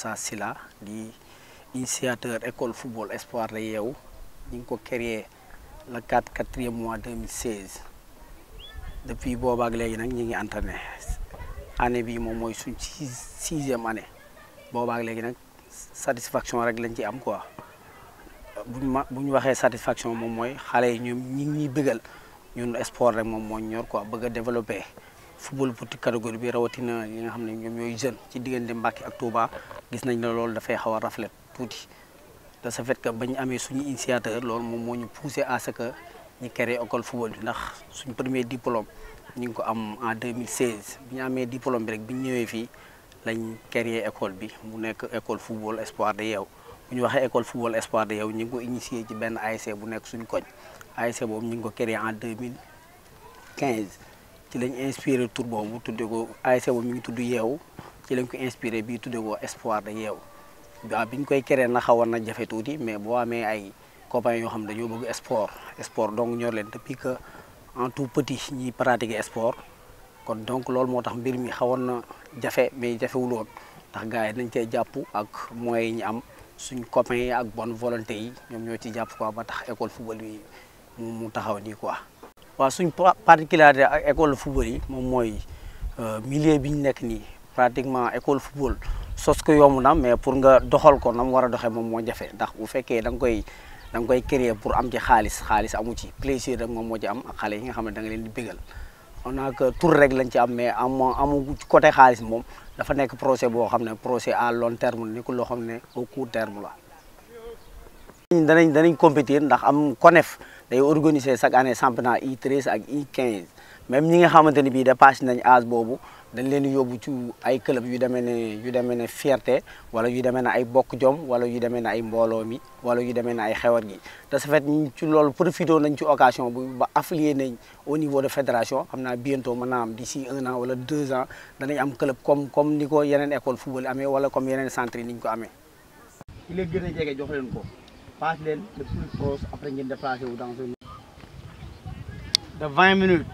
Moussa Silla di initiateur école football espoir la yeewu ñu ngi ko créé le 4 4e mois 2016 depuis boobaak léegi nag ñu ngi entraîné année bii moom mooy suñ six sixième année boobaak léegi nag satisfaction rek lañ ci am quoi buñ ma bu ñu waxee satisfaction moom mooy xale yi ñoom ñi ngi bëggal ñun sport rek moom moo ñor ko bëgg a développé. football pour catégorie bi rawatina yi nga xam ne ñoom ñooy jeune ci diggante Mbacké ak Touba gis nañ ne loolu dafay xaw a raflet tuuti de ce fait que bañ amee suñu initiateur lool moom moo ñu poussé à ce que ñu créé école football bi ndax suñ premier diplôme ñu ngi ko am en 2016 bi ñu amee diplôme bi rek bi ñu ñëwee fii lañ créé école bi mu nekk école football espoir de yeew bu ñu waxee école football espoir de yow ñu ngi ko initié ci benn ASC bu nekk suñu koñ ASC boobu ñu ngi ko créé en 2015 ci lañ inspiré tur boobu tuddee ko ASC e boobu mi ngi tudd yeewu ci lañ ko inspiré bii tuddee ko espoir de yeewu waaw bi ñu koy créé na xawoon na jafe tuuti mais boo amee ay copains yoo xam ne dañoo bëgg sport sport donc ñor leen depuis que en tout petit ñuy pratiquer sport kon donc loolu moo tax mbir mi xawoon na jafe mais jafewul woon ndax gars yi dañ koy jàpp ak moyens yi ñu am suñ copains yi ak bon volonté yi ñoom ñoo ci jàpp ko ba tax école football bi mu taxaw nii quoi. waa suñ particularité ak école football yi moom mooy euh, milieu bi ñu nekk nii pratiquement école football sos ko yomb na mais pour nga doxal ko na mu war a doxee moom moo jafe ndax bu fekkee da nga koy da nga koy créer pour am ci xaalis xaalis amu ci plaisir rek moom moo ci am xale yi nga xam ne da leen di bégal on a que tour rek lañ ci am mais am amu ci côté xaalis moom dafa nekk projet boo xam ne projet à lon terme ni ko loo xam ne au court terme la danañ danañ compétir ndax am CONEF day organiser chaque année championnat U13 ak U15 même ñi nga xamante ni bii dépassé nañ âge boobu dañ leen di yóbbu ci ay club yu demee ne yu demee ne fierté wala yu demee ne ay bokk jom wala yu demee ne ay mbooloo mi wala yu demee na ay xewar gi de ce fait ñu ci lool profité nañ ci occasion bu ba affilié nañ au niveau de fédération xam naa bientôt mën naa am di un an wala deux ans danañ am club comme comme ni ko yeneen école football amee wala comme yeneen centre yi ni ko amee. passe le plus proche après nous déplacé dans dans une de 20 minutes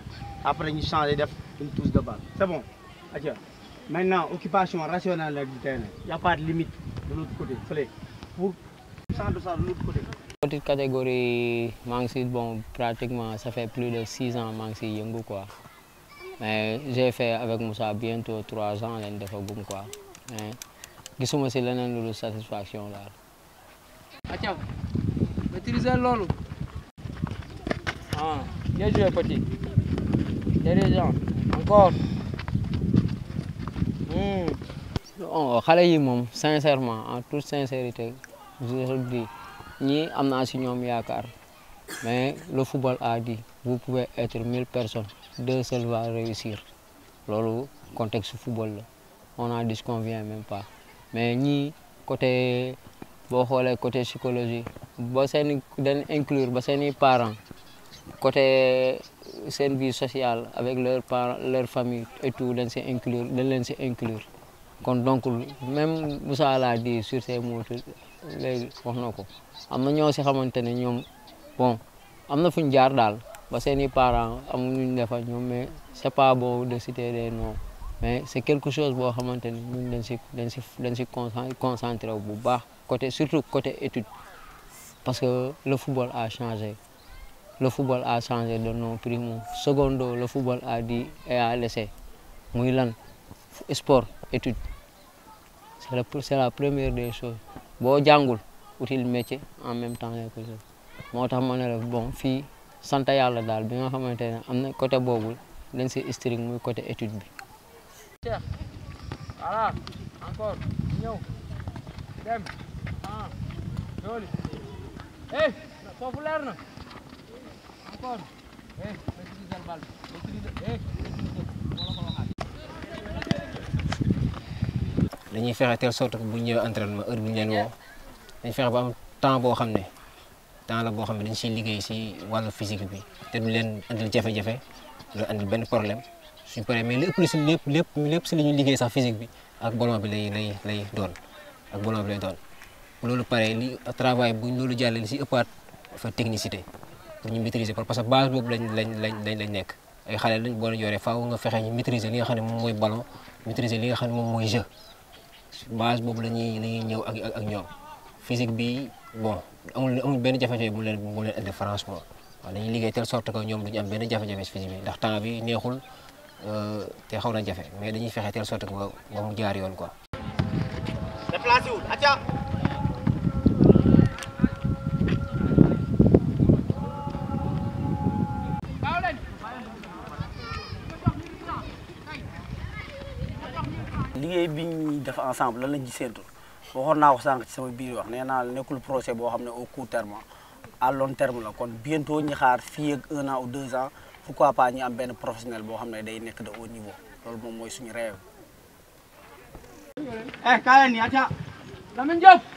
après nous changer def une touche de balle c'est bon maintenant occupation rationnelle Il du terrain n'y a pas de limite de l'autre côté fële pour de ça de l'autre côté petite catégorie Mangsi, bon pratiquement ça fait plus de 6 ans que Yungu, quoi mais j'ai fait avec Moussa bientôt 3 ans leen quoi mais suis si pour lu satisfaction là. satisfaction utiliser loolu ah bien joué petit intelligent encore hmm. xale yi moom sincèrement en toute sincérité je le dis ni amna naa si ñoom mais le football a dit vous pouvez être mille personnes deux seuls vont réussir le contexte football on qu'on ne vient même pas mais ni côté bo côté psychologie ba seen dañ inclure ba seen i parents côté seen vie sociale avec leurs parents leur famille et tout dañ si inclure dañ leen si inclure kon donc même Moussa laa di sur ces mots léegi na ko am na ñoo si xamante ne ñoom bon am na fu ñu jaar daal ba seen i parents amuñu defa ñoom mais c'est pas bon de citer des noms mais c'est quelque chose boo xamante ne ñun dañ si dañ si dañ si concentré bu baax côté surtout côté étude parce que le football a changé. Le football a changé de nom primo. Secondo, le football a dit et a laissé. Mouilan, sport, études. C'est la, première des choses. Bon, Djangoul, outil métier en même temps. Moi, je suis bon, fille, Santa yàlla dal bi nga Bien ne côté boobu dañ si historique muy côté étude bi. voilà encore ñëw dem ah joli Eh, só fulerna. Ancora. Eh, utilizza il ballo. Utilizza, ei, utilizza. Bola bola xat. Dañuy fexé tel sorte que bu ñëw entraînement heure bu ñëne wo. Dañ fexé ba am temps bo xamné temps la bo xamné dañ ci liggéey ci walu physique bi té du leen andil jafé jafé, du andil ben problème. Suñ paré mais lepp lu ci lepp lepp lepp ci liggéey sax physique bi ak ballon bi lay lay lay doon. Ak ballon bi lay doon. loolu pare li travail bu loolu jàllee li si ëppaat dafa technicité pour ñu maîtriser ko parce que base boobu lañ lañ lañ lañ nekk ay xale lañ boo leen yoree faaw nga fexe ñu maîtriser li nga xam ne moom mooy ballon maîtriser li nga xam ne moom mooy jeu base boobu la ñuy la ñuy ñëw ak ak ñoom physique bi bon amul amul benn jafe-jafe bu leen bu leen waaw dañuy liggéey telle sorte que ñoom duñu am benn jafe-jafe si physique bi ndax temps bi neexul euh, te xaw na jafe mais dañuy fexe telle sorte que ba mu jaar yoon quoi. ensemble lan lañ ci séntu waxoon naa ko sànq ci sama biir wax nee naa nekkul projet boo xam ne au court terme à long terme la kon bientôt ñi xaar fii ak un an ou deux ans pourquoi pas ñu benn professionnel boo xam ne day nekk de haut niveau loolu moom mooy suñu rêve. eh kaay nii ati ah.